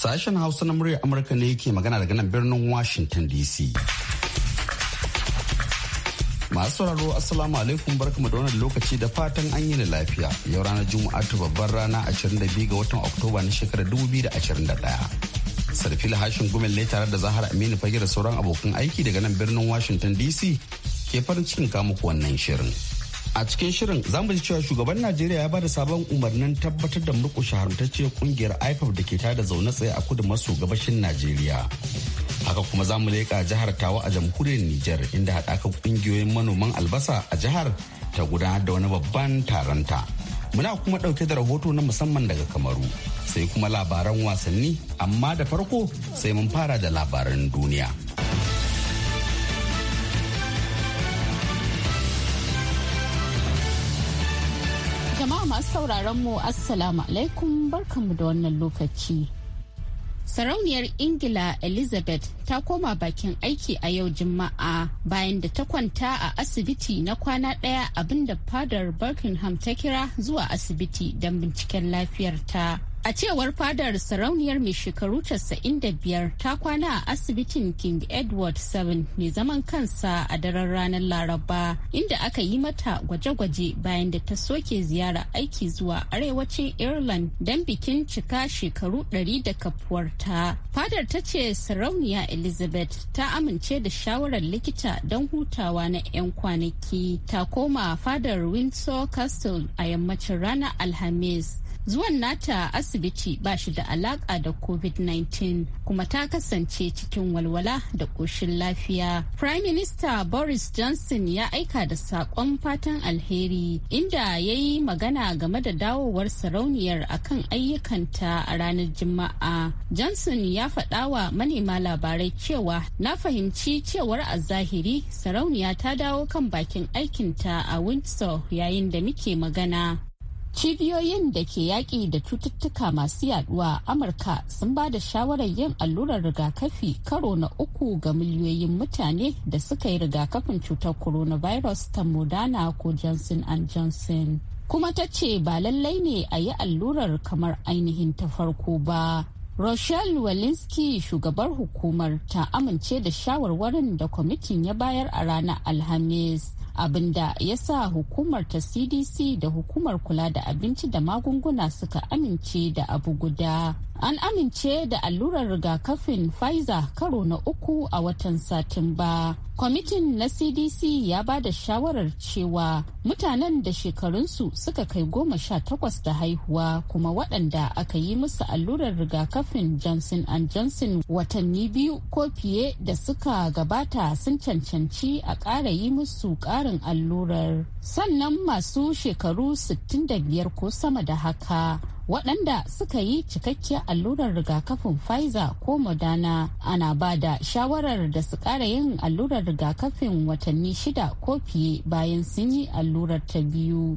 Sashen Hausa na muryar Amurka ne yake magana daga nan birnin Washington DC. Masu sauraro Assalamu alaikum barkamu da wannan lokaci da fatan an yi lafiya. Yau ranar Juma'a ta babbar rana 22 ga watan Oktoba na shekarar 2021. Sarfil Hashin Gumel ne tare da Zahara Aminu Fage da sauran abokan aiki daga nan birnin Washington DC ke farin cikin kamuku wannan shirin. a cikin shirin zamu ji cewa shugaban najeriya ya bada sabon umarnin tabbatar da murkushe haramtacce kungiyar ipop da ke tada zaune tsaye a kudu maso gabashin najeriya haka kuma zamu mu leƙa jihar tawa a jamhuriyar niger inda haɗakan ƙungiyoyin manoman albasa a jihar ta gudanar da wani babban taronta muna kuma ɗauke da rahoto na musamman daga kamaru sai kuma labaran wasanni amma da farko sai mun fara da labaran duniya. masu sauraron mu assalamu alaikum barkanmu da wannan lokaci. Sarauniyar Ingila Elizabeth ta koma bakin aiki a yau Juma'a bayan da ta kwanta a asibiti na kwana ɗaya abinda fadar Birkenham ta kira zuwa asibiti don binciken lafiyarta. A cewar fadar sarauniyar mai shekaru 95 ta kwana a asibitin King Edward 7 mai zaman kansa a daren ranar Laraba inda aka yi mata gwaje-gwaje bayan da ta soke ziyara aiki zuwa arewacin Ireland don bikin cika shekaru 100 da kafuwarta. Fadar ta ce sarauniya Elizabeth ta amince da shawarar likita don hutawa na 'yan kwanaki ta koma fadar Windsor Castle a yammacin ranar Alhamis. Zuwan nata asibiti ba shi da alaka da covid-19 kuma ta kasance cikin walwala da koshin lafiya prime minister boris johnson ya aika da saƙon fatan alheri inda ya yi magana game da dawowar sarauniyar akan ayyukanta a ranar juma'a johnson ya faɗa wa manema labarai cewa na fahimci cewar a zahiri sarauniya ta dawo kan bakin aikinta a windsor yayin da muke magana cibiyoyin da ke yaƙi da cututtuka masu yaduwa a amurka sun ba da shawarar yin allurar rigakafi karo na uku ga miliyoyin mutane da suka yi rigakafin cutar coronavirus ta moderna ko johnson and johnson kuma ta ce ba lallai ne a yi allurar kamar ainihin ta farko ba rochelle walensky shugabar hukumar ta amince da shawarwarin da kwamitin ya bayar a ranar alhamis abinda ya sa hukumar ta cdc da hukumar kula da abinci da magunguna suka amince da abu guda an amince da allurar rigakafin pfizer karo na uku a watan satumba kwamitin na cdc ya ba da shawarar cewa mutanen da shekarunsu suka kai goma sha takwas da haihuwa kuma waɗanda aka yi musu allurar rigakafin johnson and johnson watanni biyu ko fiye da suka gabata sun cancanci a ƙara yi musu ƙarin allurar sannan masu shekaru 65 ko sama da haka waɗanda suka yi cikakkiyar allurar rigakafin pfizer ko moderna ana ba da shawarar da su ƙara yin allurar rigakafin watanni shida ko fiye bayan sun yi allurar ta biyu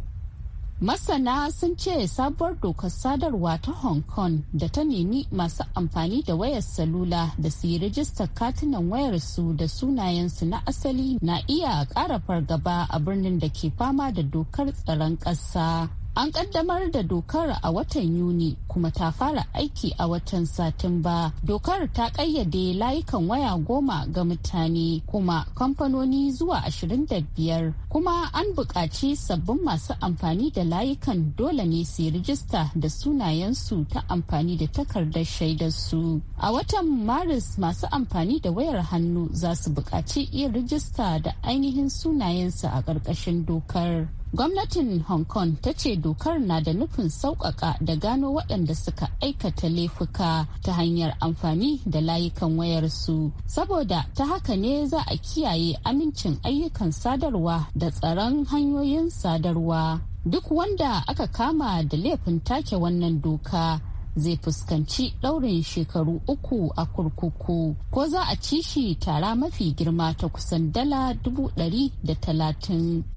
masana sun ce sabuwar dokar sadarwa ta hong kong da ta nemi masu amfani da wayar salula da su yi rijistar katunan wayarsu da sunayensu na asali na iya ƙara fargaba a birnin da ke fama da dokar tsaron ƙasa An kaddamar da dokar a watan Yuni kuma ta fara aiki a watan Satumba. Dokar ta ƙayyade layukan waya goma ga mutane kuma kamfanoni zuwa ashirin da biyar kuma an buƙaci sabbin masu amfani da layukan dole ne su yi rijista da sunayensu ta amfani da takardar su A watan Maris masu amfani da wayar hannu za su buƙaci yin rijista da ainihin sunayensu a ƙarƙashin dokar. gwamnatin hong kong ta ce dokar na da nufin sauƙaƙa da gano waɗanda suka aikata laifuka ta hanyar amfani da layukan wayarsu saboda ta haka ne za a kiyaye amincin ayyukan sadarwa da tsaron hanyoyin sadarwa duk wanda aka kama da laifin take wannan doka zai fuskanci ɗaurin shekaru uku a kurkuku ko za a ci shi tara mafi girma ta kusan dala dubu ɗari da talatin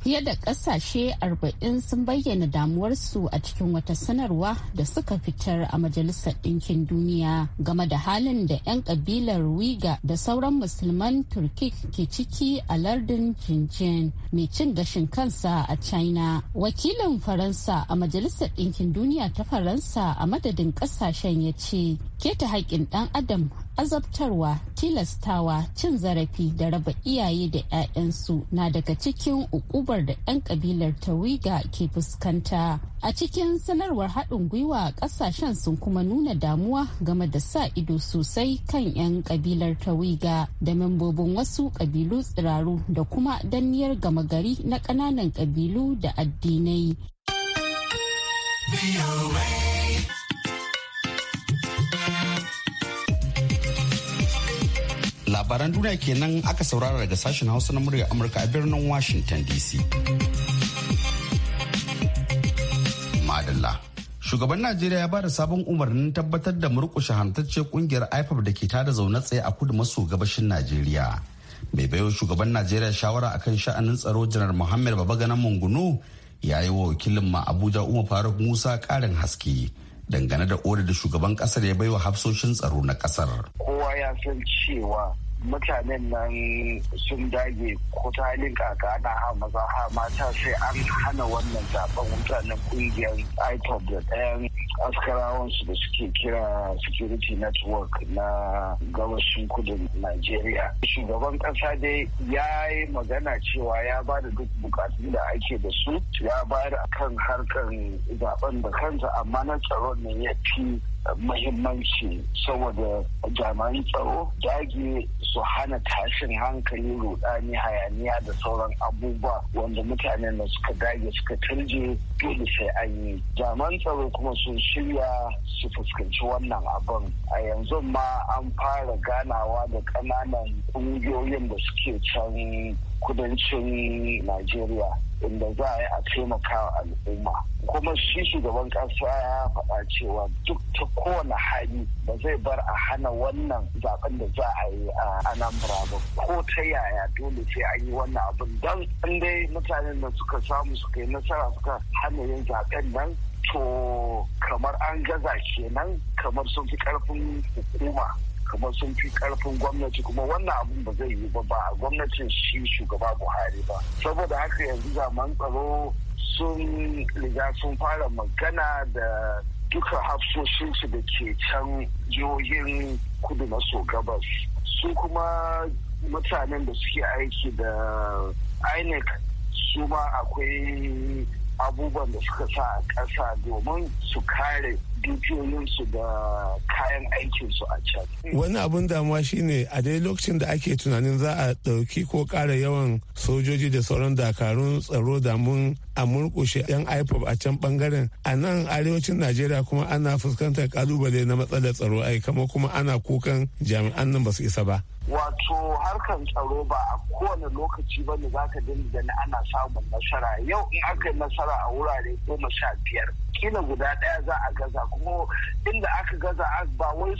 Fiye da ƙasashe 40 sun bayyana damuwarsu a cikin wata sanarwa da suka fitar a Majalisar Ɗinkin Duniya game da halin da 'yan ƙabilar Wiga da sauran musulman turki ke ciki a lardin Jinjin mai cin gashin kansa a China. Wakilin Faransa a Majalisar Ɗinkin Duniya ta Faransa a madadin ƙasashen ya ce, keta haƙƙin ɗan adam azabtarwa tilastawa cin zarafi da raba iyaye da 'ya'yansu na daga cikin ukubar da 'yan kabilar tawiga ke fuskanta a cikin sanarwar haɗin gwiwa ƙasashen sun kuma nuna damuwa game da sa ido sosai kan 'yan kabilar tawiga da membobin wasu kabilu tsiraru da kuma danniyar gama gari na ƙananan ƙabilu da addinai. labaran duniya kenan aka saurara daga sashen hausa na murya amurka a birnin washington dc madalla shugaban najeriya ya ba da sabon umarnin tabbatar da murkushe hantacciyar kungiyar ipob da ke tada zaune tsaye a kudu maso gabashin najeriya mai bayo shugaban najeriya shawara akan sha'anin tsaro janar muhammad babaganan munguno ya yi wa wakilin ma abuja umar faruk musa karin haske dangane da odar da shugaban kasar ya baiwa hafsoshin tsaro na kasar kowa ya san cewa mutanen nan sun dage ko ta kaka na ha maza ha mata sai an hana wannan zaben mutanen kungiyar ipod da ɗayan askarawan su da suke kira security network na gabashin kudin nigeria shugaban ƙasa dai ya yi magana cewa ya ba da duk bukatun da ake da su ya bayar akan harkar zaben da kansa amma na tsaron ne ya fi mahimmanci saboda jami'an tsaro dage su hana tashin hankali rudani hayaniya da sauran abubuwa wanda mutanen da suka dage suka turje dole sai an yi jami'an tsaro kuma sun shirya su fuskanci wannan abin a yanzu ma an fara ganawa da ƙananan ƙungiyoyin da suke can kudancin najeriya inda za a yi a taimaka taimakawa al'umma kuma shi shugaban ƙasa ya faɗa cewa duk ta kowane hali ba zai bar a hana wannan zaben da za a yi a anambra ba ko ta yaya dole sai an yi wannan abin don in dai mutanen da suka samu suka yi nasara suka hana yin zaben nan to kamar an gaza kenan kamar sun fi ƙarfin hukuma kamar sun fi karfin gwamnati kuma wannan abun ba zai yi ba ba gwamnatin shi shugaba buhari ba saboda haka yanzu zaman tsaro sun riga sun fara magana da duka hafsoshinsu da ke can jihohin kudu maso gabas su kuma mutanen da suke aiki da inec su ma akwai abubuwan da suka sa a ƙasa domin su kare dukiyoyinsu da kayan aikinsu a can. Wani abun damuwa shine a dai lokacin da ake tunanin za a ɗauki ko ƙara yawan sojoji da sauran dakarun tsaro da mun a murkushe 'yan ipob a can bangaren a nan arewacin najeriya kuma ana fuskantar kalubale na matsalar tsaro ai kama kuma ana kukan jami'an nan ba su isa ba wato harkar tsaro ba a kowane lokaci ba ne za ka dinga ana samun nasara yau in aka yi nasara a wurare goma sha biyar kila guda daya za a gaza kuma inda aka gaza ba wai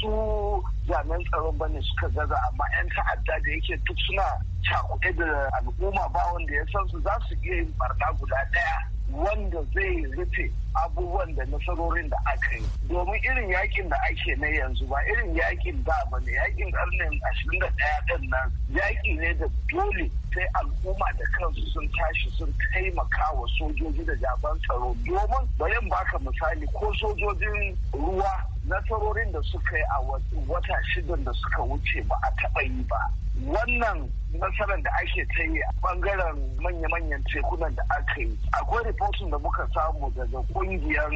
su jami'an tsaron bane suka zaza amma 'yan ta'adda da yake duk suna cakuɗe da al'umma ba wanda ya san su za su iya yin barna guda ɗaya wanda zai rufe abubuwan da nasarorin da aka yi domin irin yakin da ake na yanzu ba irin yakin da ba ne yakin karnin ashirin da ɗaya ɗin nan yaki ne da dole sai al'umma da kansu sun tashi sun taimaka wa sojoji da jaban tsaro domin bayan baka misali ko sojojin ruwa nasarorin da suka yi a wata shidan da suka wuce ba a taɓa yi ba wannan nasarar da ake ta yi a bangaren manya-manyan tekunan da aka yi akwai ripotin da muka samu daga kungiyar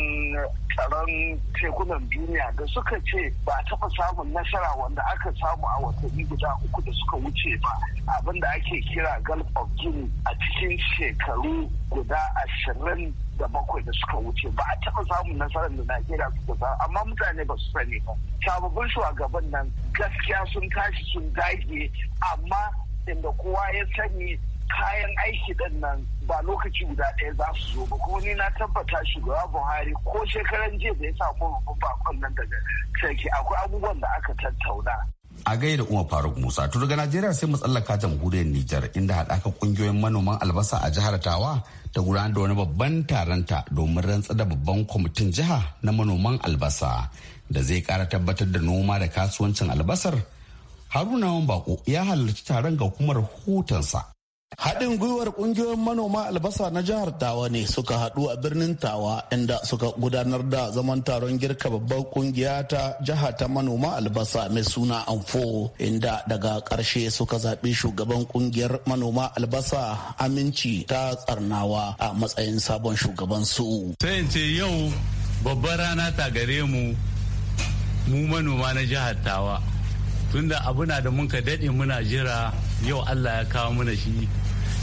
tsaron tekunan duniya da suka ce ba a taɓa samun nasara wanda aka samu a watanni guda uku da suka wuce ba abin da ake kira gulf of guinea a cikin shekaru guda ashirin da bakwai da suka wuce ba a taɓa samun nasarar da najeriya suka samu amma mutane ba su sani ba sababbin shugaban nan gaskiya sun tashi sun dage amma inda kowa ya sani kayan aiki din nan ba lokaci guda ɗaya za su zo ba kuma ni na tabbata shugaba buhari ko shekaran jiya da ya samu babban bakon nan daga sarki akwai abubuwan da aka tattauna a gaida umar faruk musa to daga najeriya sai mu tsallaka jamhuriyar nijar inda haɗaka kungiyoyin manoman albasa a jihar tawa ta gudanar da wani babban taronta domin rantsar da babban kwamitin jiha na manoman albasa da zai kara tabbatar da noma da kasuwancin albasar haruna wan ya halarci taron ga hukumar hutunsa Haɗin gwiwar ƙungiyoyin manoma albasa na jihar Tawa ne suka haɗu a birnin Tawa inda suka gudanar da zaman taron girka babbar ƙungiya ta jiha ta manoma albasa mai suna Anfo inda daga ƙarshe suka zaɓi shugaban ƙungiyar manoma albasa aminci ta tsarnawa a matsayin sabon shugaban su. Sai ce yau babbar rana ta gare mu mu manoma na jihar Tawa. tunda abu na da mun ka daɗe muna jira yau allah ya kawo mana shi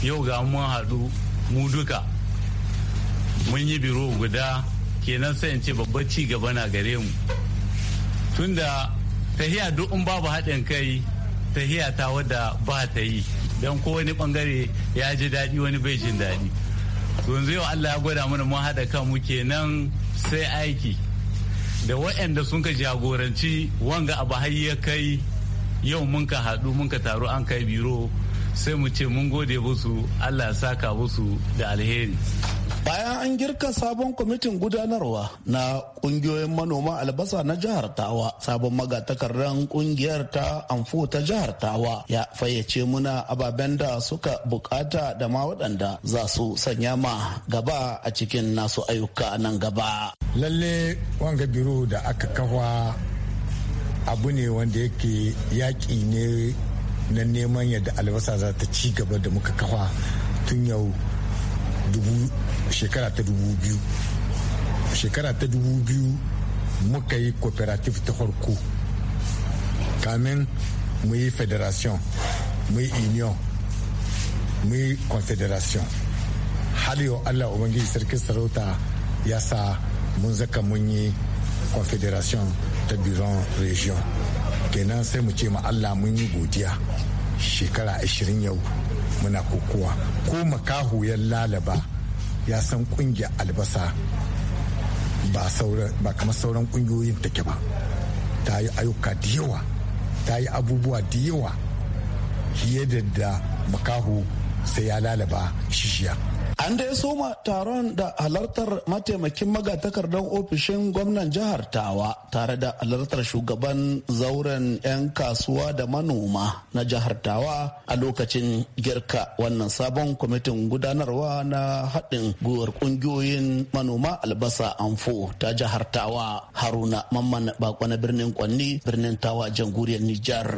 yau ga mun haɗu mu duka mun yi biro guda kenan sai in ce babbar ci gaba na gare mu tunda tahiya duk in babu haɗin kai tahiya ta wadda ba ta yi don ko wani bangare ya ji daɗi wani bai jin daɗi yanzu yau allah ya gwada mana mun haɗa kanmu kenan sai aiki da waɗanda sun ka jagoranci wanga abu har kai yau mun ka haɗu mun ka taru an kai biro sai mu ce mun gode musu allah saka musu da alheri bayan an girka sabon kwamitin gudanarwa na kungiyoyin manoma albasa na jihar tawa sabon magatakardar kungiyar ta amfo ta jihar tawa ya fayyace muna ababen da suka bukata da ma waɗanda za su sanya ma gaba a cikin nasu ayyuka nan gaba lalle wanga biro da aka kafa abu ne wanda yake yaƙi ne na neman yadda albasa za ta ci gaba da muka kafa tun yau shekara ta dubu biyu shekara ta dubu biyu muka yi cooperative ta farko kamin mu yi federation mu yi union mu yi confederation har yau allah ubangiji sarkin sarauta ya sa mun zaka mun yi confederation ta biron region kenan sai mu ce ma allah mun yi godiya shekara 20 yau muna kokowa ko makahu ya lalaba ya san kungiya albasa ba kamar sauran kungiyoyin take ba ta yi ayyuka da yawa ta yi abubuwa da yawa fiye da makahu sai ya lalaba shishiya An dai soma taron da halartar mataimakin magatakardar ofishin gwamnan jihar Tawa tare da halartar shugaban zauren 'yan kasuwa da manoma na jihar Tawa a lokacin girka wannan sabon kwamitin gudanarwa na haɗin gwiwar ƙungiyoyin manoma albasa amfo ta jihar Tawa Haruna Mamman Bakwana na birnin Kwanni birnin Tawa jamhuriyar Nijar.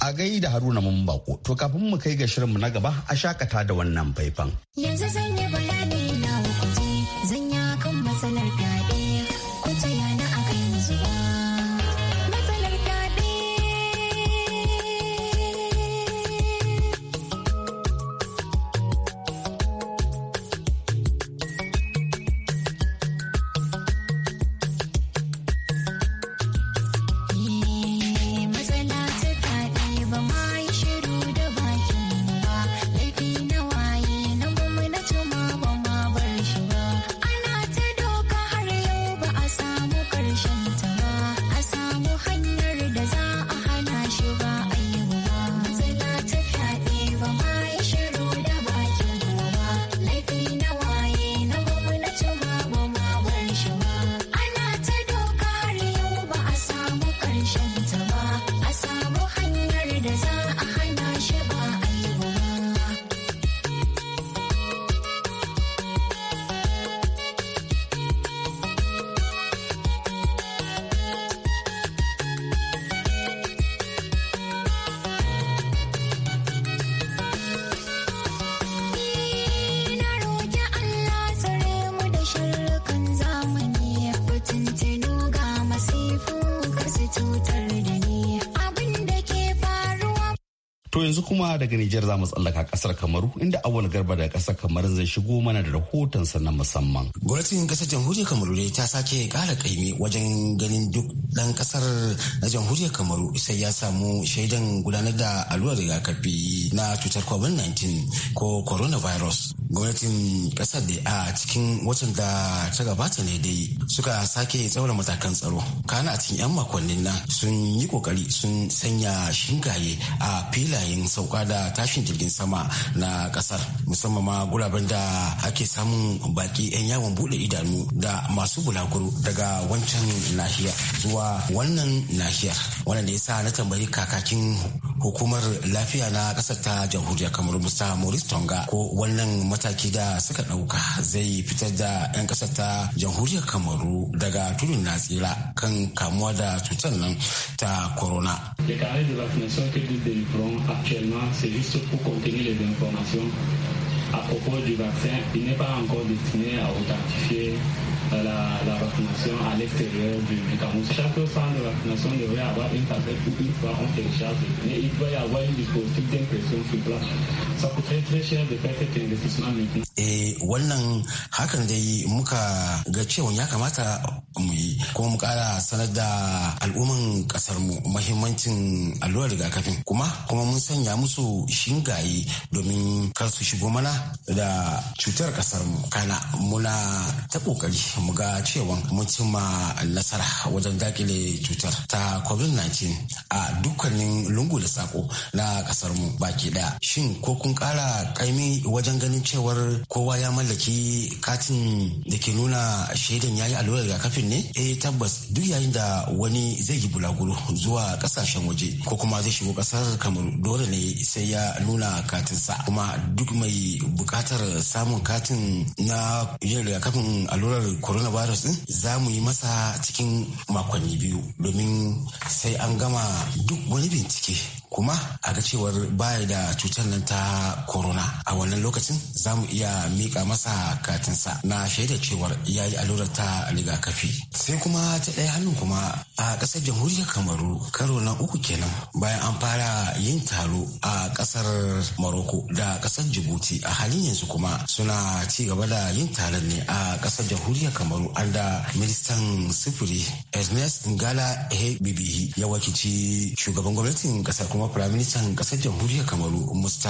A gai da Haruna mun bako, to kafin mu kai ga shirinmu na gaba a shakata da wannan faifan. Yanzu zan yi bayani na To yanzu kuma daga Nijar za mu tsallaka kasar Kamaru inda awal garba daga kasar Kamaru zai shigo mana da rahoton na musamman. Gwamnatin kasar jamhuriyar Kamaru dai ta sake kara kaimi wajen ganin duk dan kasar na jamhuriyar Kamaru sai ya samu shaidan gudanar da allurar rigakafi na cutar COVID-19 ko coronavirus. Gwamnatin kasar da a cikin watan da ta gabata ne dai suka sake tsaura matakan tsaro. Kana a cikin 'yan makonnin na sun yi kokari sun sanya shingaye a filaye yayin sauka da tashin jirgin sama na kasar musamman ma guraben da ake samun baki 'yan yawon bude idanu da masu bulaguro daga wancan nahiya zuwa wannan nahiyar wannan da ya sa na tambayi kakakin hukumar lafiya na kasar ta jamhuriyar kamar musa maurice tonga ko wannan mataki da suka dauka zai fitar da 'yan kasar ta jamhuriyar kamaru daga tudun na tsira kan kamuwa da cutar nan ta corona. actuellement, c'est juste pour contenir les informations à propos du vaccin. Il n'est pas encore destiné à authentifier la, la vaccination à l'extérieur du, du, Cameroun. Chaque centre de vaccination devrait avoir une tablette où une fois on télécharge. Mais il doit y avoir une dispositif d'impression sur place. Ça coûterait très cher de faire cet investissement maintenant. Et eh, wannan hakan dai muka ga cewa ya kamata mu yi kuma mu kara sanar da al'umman kasar mu muhimmancin allurar rigakafin kuma kuma mun sanya musu shingaye domin kar su shigo mana da cutar kasar mu kana muna ta kokari mu ga cewa mun cimma nasara wajen dakile cutar ta covid-19 a dukkanin lungu da sako na kasar mu baki daya shin ko kun kara kaimi wajen ganin cewar kowa ya mallaki katin da ke nuna shaidan yayi allurar rigakafin ne eh tabbas duk yayin da wani zai yi bulaguro zuwa kasashen waje ko kuma zai shigo kasar kamar dole ne sai ya nuna katin sa? kuma duk mai bukatar samun katin na yin rigakafin allurar coronavirus din za mu yi masa cikin makonni biyu domin sai an gama duk wani bincike kuma a ga cewar baya da cutar nan ta corona a wannan lokacin za mu iya mika masa katinsa na shaidar cewar ya yi allurar ta rigakafi sai kuma ta ɗaya hannun kuma a ƙasar jamhuriyar kamaru karo na uku kenan bayan an fara yin taro a ƙasar maroko da ƙasar jibuti a halin yanzu kuma suna ci gaba da yin taron ne a ƙasar jamhuriyar kamaru an da ministan sufuri ernest ngala hebibihi ya wakilci shugaban gwamnatin ƙasar kuma kuma firaministan kasar jamhuriyar kamaru musta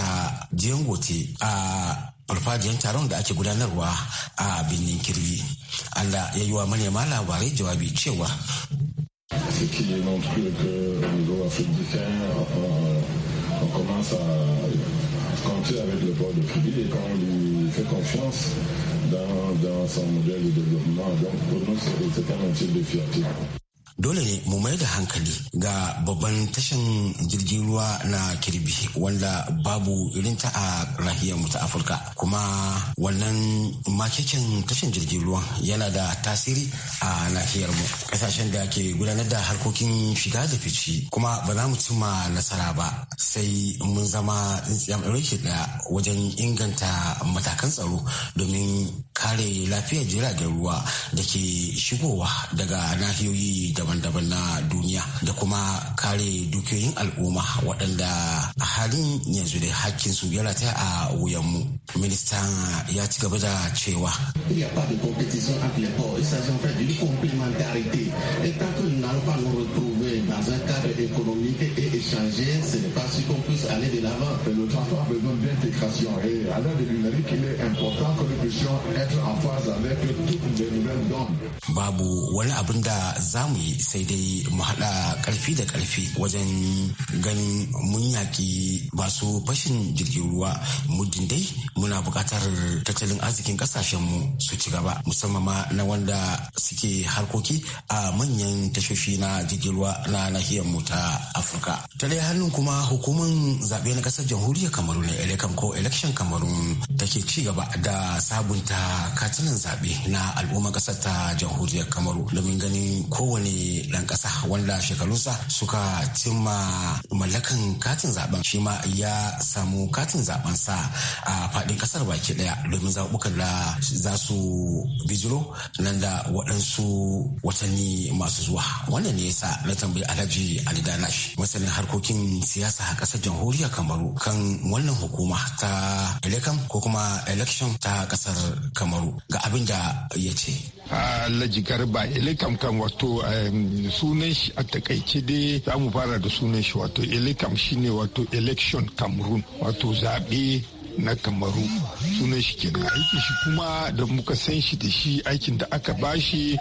jiyangote a farfajiyar taron da ake gudanarwa a birnin kirbi allah ya yi wa manema labarai jawabi cewa dans, dans son modèle de développement. Donc pour nous, c'est un motif de fierté. dole ne mu mai da hankali ga babban tashan jirgin ruwa na kirbi wanda babu irin ta a rahiyar ta afirka kuma wannan makekin tashan jirgin ruwa yana da tasiri a nahiyar mu kasashen da ke gudanar da harkokin shiga da fici kuma ba za mu cimma nasara ba sai mun zama tsintsiyar ɗaya wajen inganta matakan tsaro domin kare lafiyar jiragen ruwa da ke shigowa daga nahiyoyi daban-daban na duniya da kuma kare dukiyoyin al'umma waɗanda a halin yanzu da hakkinsu ya rataya a wuyanmu ministan ya ci gaba da cewa dans un cadre économique et échanger, ce n'est pas si qu'on puisse aller de l'avant. Le transport a besoin d'intégration et à l'heure numérique, il est important que position être en phase avec toutes les nouvelles normes. Babu wani abin da zamu yi sai dai mu haɗa ƙarfi da ƙarfi wajen ganin mun yaƙi masu fashin jirgin ruwa muddin dai muna buƙatar tattalin arzikin ƙasashenmu su ci gaba musamman ma na wanda suke harkoki a manyan tashoshi na jirgin ruwa na nahiyar mu ta afirka ta dai hannun kuma hukumar zaɓe na ƙasar jamhuriyar kamaru ne ko election kamaru take ci gaba da sabunta katunan zaɓe na al'umma ƙasar ta jamhuriyar kamaru domin ganin kowane ɗan ƙasa wanda shekarunsa suka cimma mallakan katin zaɓen shi ma ya samu katin zaɓen sa a faɗin ƙasar baki ɗaya domin zaɓukan da za su bijiro nan da waɗansu watanni masu zuwa wanda ne yasa na tambayi alhaji ali danash masanin harkokin siyasa a ƙasar jamhuriyar kamaru kan wannan hukuma ta elekam ko kuma election ta ƙasar kasar kamaru ga abin da ya ce alhaji garba ile kamkan wato sunan shi a takaice dai za mu fara da sunan shi wato ile kam ne wato election cameroon wato zaɓe na kamaru sunan shi kenan aikin shi kuma da muka san shi da shi aikin da aka bashi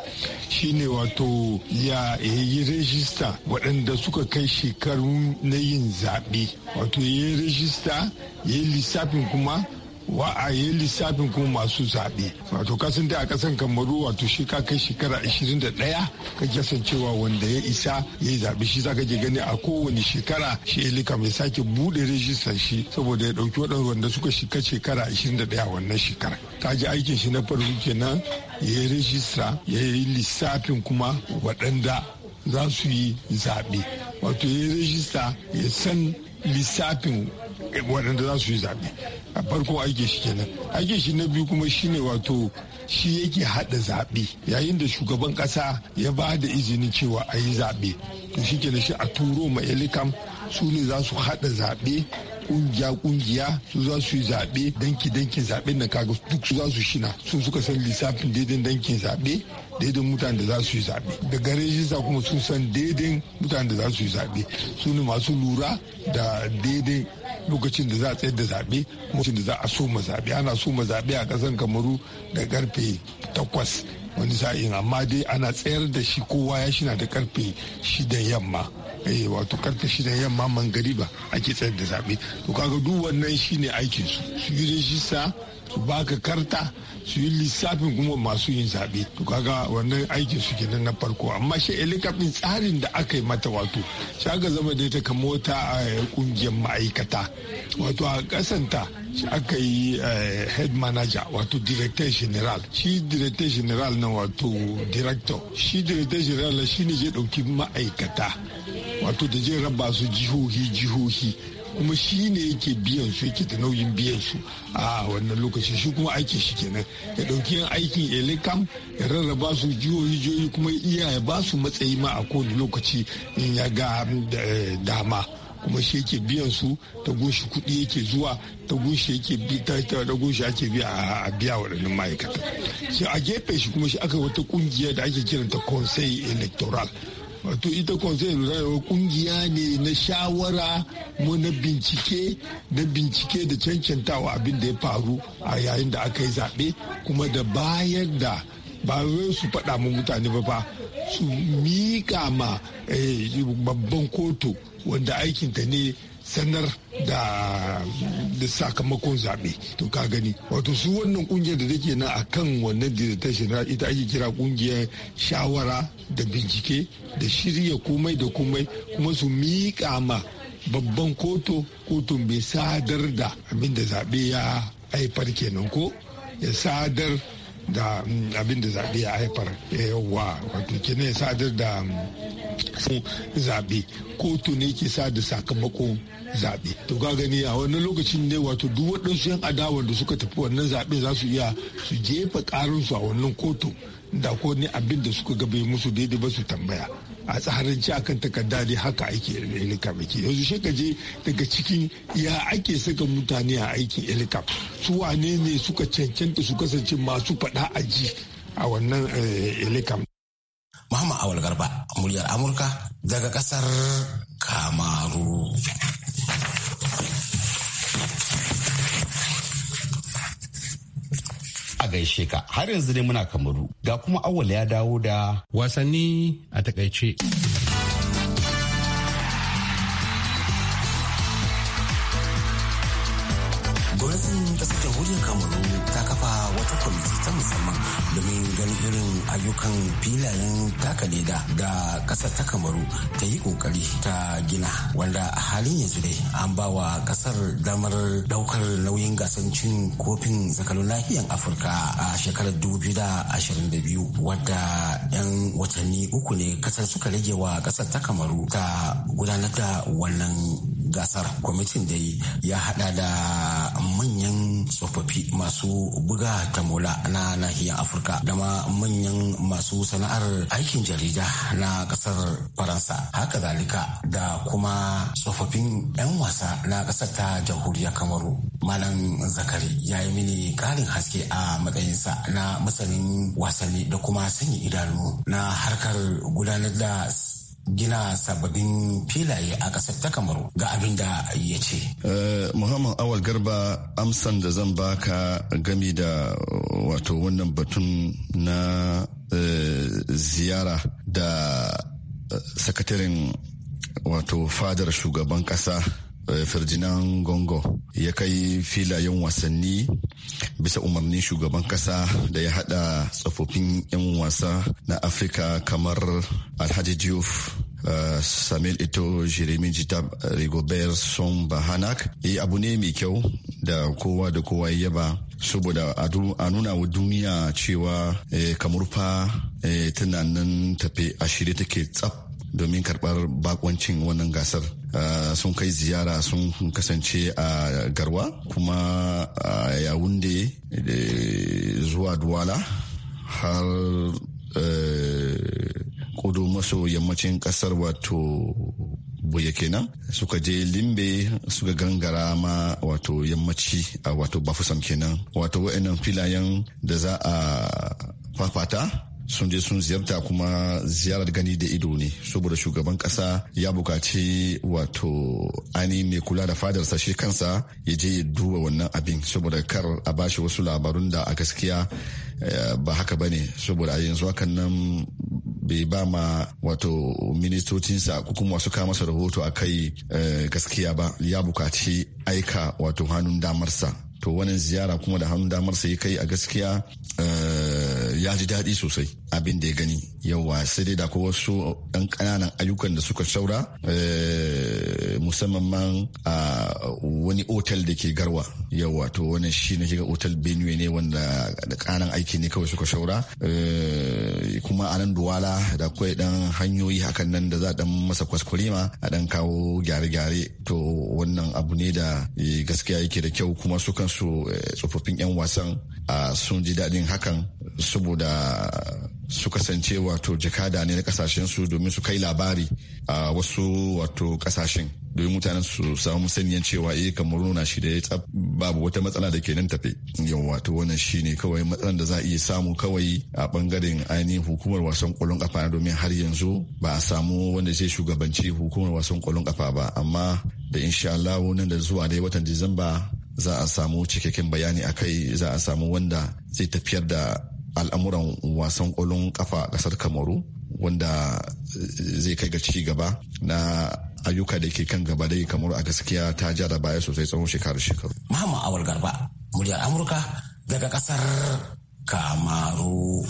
ne wato ya yi rajista waɗanda suka kai shekaru na yin zaɓe wato ya yi rajista ya yi lissafin kuma wa a lissafin kuma masu zaɓe wato kasan da a kasan kamaru wato shi ka kai shekara 21 ka kasancewa wanda ya isa ya yi zaɓe shi zaka je gani a kowane shekara shi elika mai sake buɗe rijistar shi saboda ya ɗauki waɗanda wanda suka shika shekara 21 wannan shekara ta ji aikin shi na farko kenan ya yi rijista ya yi lissafin kuma waɗanda za su yi zaɓe wato ya yi rijista ya san lissafin waɗanda za su yi zaɓe a farko aiki shi kenan aiki shi na biyu kuma shine wato shi yake haɗa zaɓe yayin da shugaban ƙasa ya ba da izinin cewa a yi zaɓe to shi kenan shi a turo ma elikam su ne za su haɗa zaɓe kungiya kungiya su za su yi zaɓe danki dankin zaɓe na kaga duk su za su shina sun suka san lissafin daidai dankin zaɓe daidai mutanen da za su yi zaɓe daga rejista kuma sun san daidai mutanen da za su yi zaɓe su ne masu lura da daidai lokacin da za a tsayar da zaɓe lokacin da za a soma zaɓe ana soma zaɓe a ƙasar kamaru da karfe takwas wani sa'in amma dai ana tsayar da shi kowa ya shi na da karfe shidan yamma eh wato karfe shidan yamma man gariba ake tsayar da zaɓe to kaga duk wannan shine aikin su su yi shi su baka karta su yi lissafin kuma masu yin zaɓe to kaga wannan aikin su kenan na farko amma shi elikafin tsarin da aka yi mata wato shi aka zama da ita kama wata kungiyar eh, ma'aikata wato a kasanta shi aka yi eh, head manager wato director general shi director general na wato director shi director general shi ne zai ɗauki ma'aikata wato da zai raba su jihohi jihohi kuma shi ne yake biyan su yake da nauyin biyan su a wannan lokaci shi kuma aiki shi kenan ya ɗauki yin aikin elekam ya rarraba su jihohi jihohi kuma iya ya ba su matsayi ma a kowane lokaci in ya ga dama kuma shi yake biyan su ta goshi kuɗi yake zuwa ta goshi yake ta ta goshi ake biya a biya waɗannan ma'aikata shi a gefe shi kuma shi aka wata kungiya da ake kiranta conseil electoral wato ita lura da kungiya ne na shawara mu na bincike da bincike da cancantawa abin da ya faru a yayin da aka yi zaɓe kuma da bayar da ba su faɗa mu mutane ba ba su miƙa ma eh, babban kotu wanda aikinta ne sanar da sakamakon zaɓe to ka gani wato su wannan kungiyar da take nan akan wannan dissertation ita ake kira kungiyar shawara da bincike da shirya komai da komai kuma su miƙa ma babban koto kotun bai sadar da abinda zaɓe ya haifar kenan ko ya sadar da mm, abin da zaɓe ya haifar yawwa wato ke ya sadar da mm, zaɓe kotu ne ke sa da sakamako zaɓe to ga gani a wannan lokacin ne wato duk waɗansu yan adawa da suka tafi wannan zaɓe za su iya su jefa ƙarinsu a wannan kotu da ko ne abin da suka gabe musu daidai ba su tambaya a a kan takarda dai haka aiki helicap yake yanzu shi je daga cikin ya ake saka mutane a aiki helicap su wane ne suka cancanta su kasance masu faɗa aji a wannan eh, helicap Muhammad Awal Garba, muryar Amurka daga kasar Kamaru. gaishe ka har yanzu ne muna kamaru ga kuma awal ya dawo da wasanni a takaice. gwamnatin kamaru wata kwamiti ta musamman domin ganin irin ayyukan filayen taka leda da ƙasar ta kamaru ta yi ƙoƙari ta gina wanda a halin yanzu dai an ba wa ƙasar damar ɗaukar nauyin gasar cin kofin zakalun nahiyar afirka a shekarar 2022 wadda 'yan watanni uku ne kasar suka rage wa ƙasar ta kamaru ta gudanar da wannan gasar kwamitin dai ya hada da manyan tsofaffi masu buga tamola na nahiyar afirka da ma manyan masu sana'ar aikin jarida na kasar faransa haka zalika da kuma tsofaffin 'yan wasa na kasar ta jamhuriyar kamaru malam zakari ya yi mini karin haske a matsayinsa na masanin wasanni da kuma sanya idanu na harkar gudanar da gina sababbin filaye a ƙasar ta kamaru ga abin da ya ce. Eh, muhammad awal garba amsan da zan baka gami da wato wannan batun na eh, ziyara da eh, sakataren wato fadar shugaban ƙasa Eh, Ferdinand Gongo ya kai filayen wasanni bisa umarnin shugaban kasa da ya hada tsofaffin 'yan wasa na Afrika kamar Alhaji Diouf Uh, Samuel ito Jeremy Jitab, Rigobert Son Bahanak. E eh, abu ne mai kyau da kowa da kowa ya yaba saboda a nuna wa duniya cewa kamurfa kamar eh, tunanin tafe a shirye take tsaf domin karɓar bakoncin wannan gasar sun kai ziyara sun kasance a garwa kuma a yawunde eh, zuwa duwala har eh, kudu maso yammacin kasar wato buya kenan suka je limbe suka gangara ma wato yammaci a wato bafusam kenan wato wa'annan filayen da za a fafata sun je sun ziyarta kuma ziyarar gani da ido ne saboda shugaban kasa ya bukaci wato ani mai kula da fadarsa shi kansa ya je ya duba wannan abin saboda kar a bashi wasu labarun da a gaskiya eh, ba haka bane saboda a yanzu hakan nan bai ba ma wato ministocinsa ko kuma wasu kama masa rahoto a kai eh, gaskiya ba ya bukaci aika wato hannun damarsa to wannan ziyara kuma da hannun damarsa ya kai a gaskiya eh, ya ji daɗi sosai abin da ya gani yawa sai dai da ko wasu ɗan ƙananan ayyukan da suka saura eh, musamman man a wani otal da ke garwa yawa to wani shi na shiga otal benue ne wanda da ƙananan aiki ne kawai suka saura eh, kuma a nan duwala da kawai ɗan hanyoyi hakan nan da za a ɗan masa ma a ɗan kawo gyare-gyare to wannan abu ne da eh, gaskiya yake da kyau kuma su kansu tsofaffin 'yan wasan sun ji daɗin hakan saboda su kasance wato jakada ne na kasashen su domin su kai labari a wasu wato kasashen domin mutanen su samu saniyan cewa eh kamar nuna shi da ya tsab babu wata matsala da ke nan tafe yau wato wannan shi ne kawai matsalan da za a iya samu kawai a bangaren ainihin hukumar wasan kwallon kafa domin har yanzu ba a samu wanda zai shugabanci hukumar wasan kwallon kafa ba amma da insha Allah nan da zuwa dai watan Disamba za a samu cikakken bayani akai za a samu wanda zai tafiyar da al'amuran wasan ƙwallon kafa a ƙasar kamaru wanda eh, zai kai ga ci gaba na ayyuka da ke kan gaba dai kamar a gaskiya ta ja da baya sosai tsawon shekaru shekaru. Muhammad Awal Garba, muryar Amurka daga kasar Kamaru.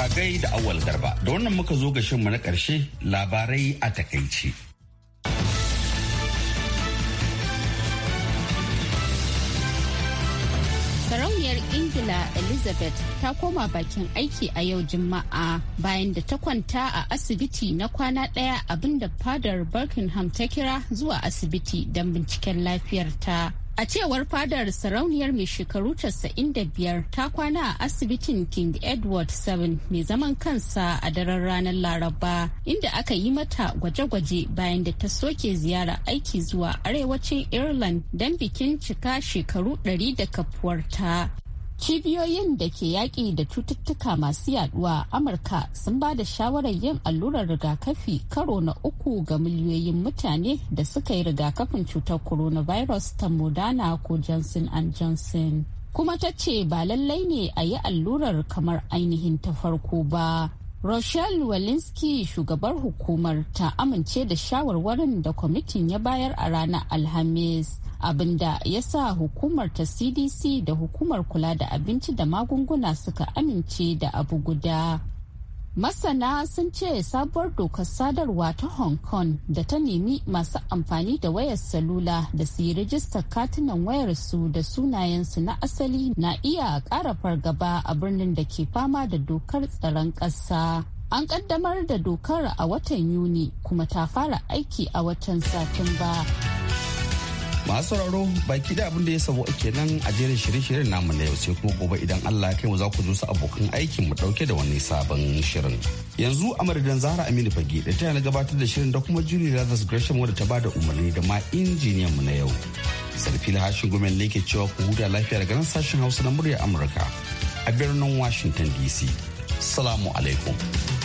A gai da Awal Garba, da wannan muka zo ga shinmu na ƙarshe labarai a takaici. Angela elizabeth ta koma bakin aiki a yau juma'a bayan da ta kwanta a asibiti na kwana ɗaya abinda fadar Birkenham ta kira zuwa asibiti don binciken lafiyarta A cewar fadar sarauniyar mai shekaru 95 ta kwana a asibitin King Edward 7 mai zaman kansa a daren ranar Laraba inda aka yi mata gwaje-gwaje bayan da ta soke ziyara aiki zuwa arewacin Ireland don bikin cika shekaru 100 da kafuwarta. Cibiyoyin da ke yaƙi da cututtuka masu yaduwa Amurka sun ba da shawarar yin allurar rigakafi karo na uku ga miliyoyin mutane da suka yi rigakafin cutar coronavirus ta Moderna ko Johnson Johnson. Kuma ta ce ba lallai ne a yi allurar kamar ainihin ta farko ba, Rochelle Walensky shugabar hukumar ta amince da shawarwarin da kwamitin ya bayar a ranar Alhamis. abinda ya sa hukumar ta cdc da hukumar kula da abinci da magunguna suka amince da abu guda Masana sun ce sabuwar dokar sadarwa ta Hong Kong da ta nemi masu amfani da wayar salula da su yi rijistar katunan wayarsu da sunayensu na asali na iya ƙara fargaba a birnin da ke fama da dokar tsaron ƙasa. An ƙaddamar da dokar a watan Yuni kuma ta fara aiki a watan Satumba. masu sauraro baki da abin da ya sabo ake nan a jerin shirye-shiryen namu na yau sai kuma gobe idan Allah ya kai mu za ku zo su abokan aikin mu dauke da wani sabon shirin yanzu a madadin Zahra Aminu Fage da tana na gabatar da shirin da kuma Julie Lazarus Gresham wadda ta ba da umarni da ma injiniyan mu na yau sarfi la Hashin gomen ne ke cewa ku huda lafiya daga nan sashen Hausa na muryar Amurka a birnin Washington DC. Salamu alaikum.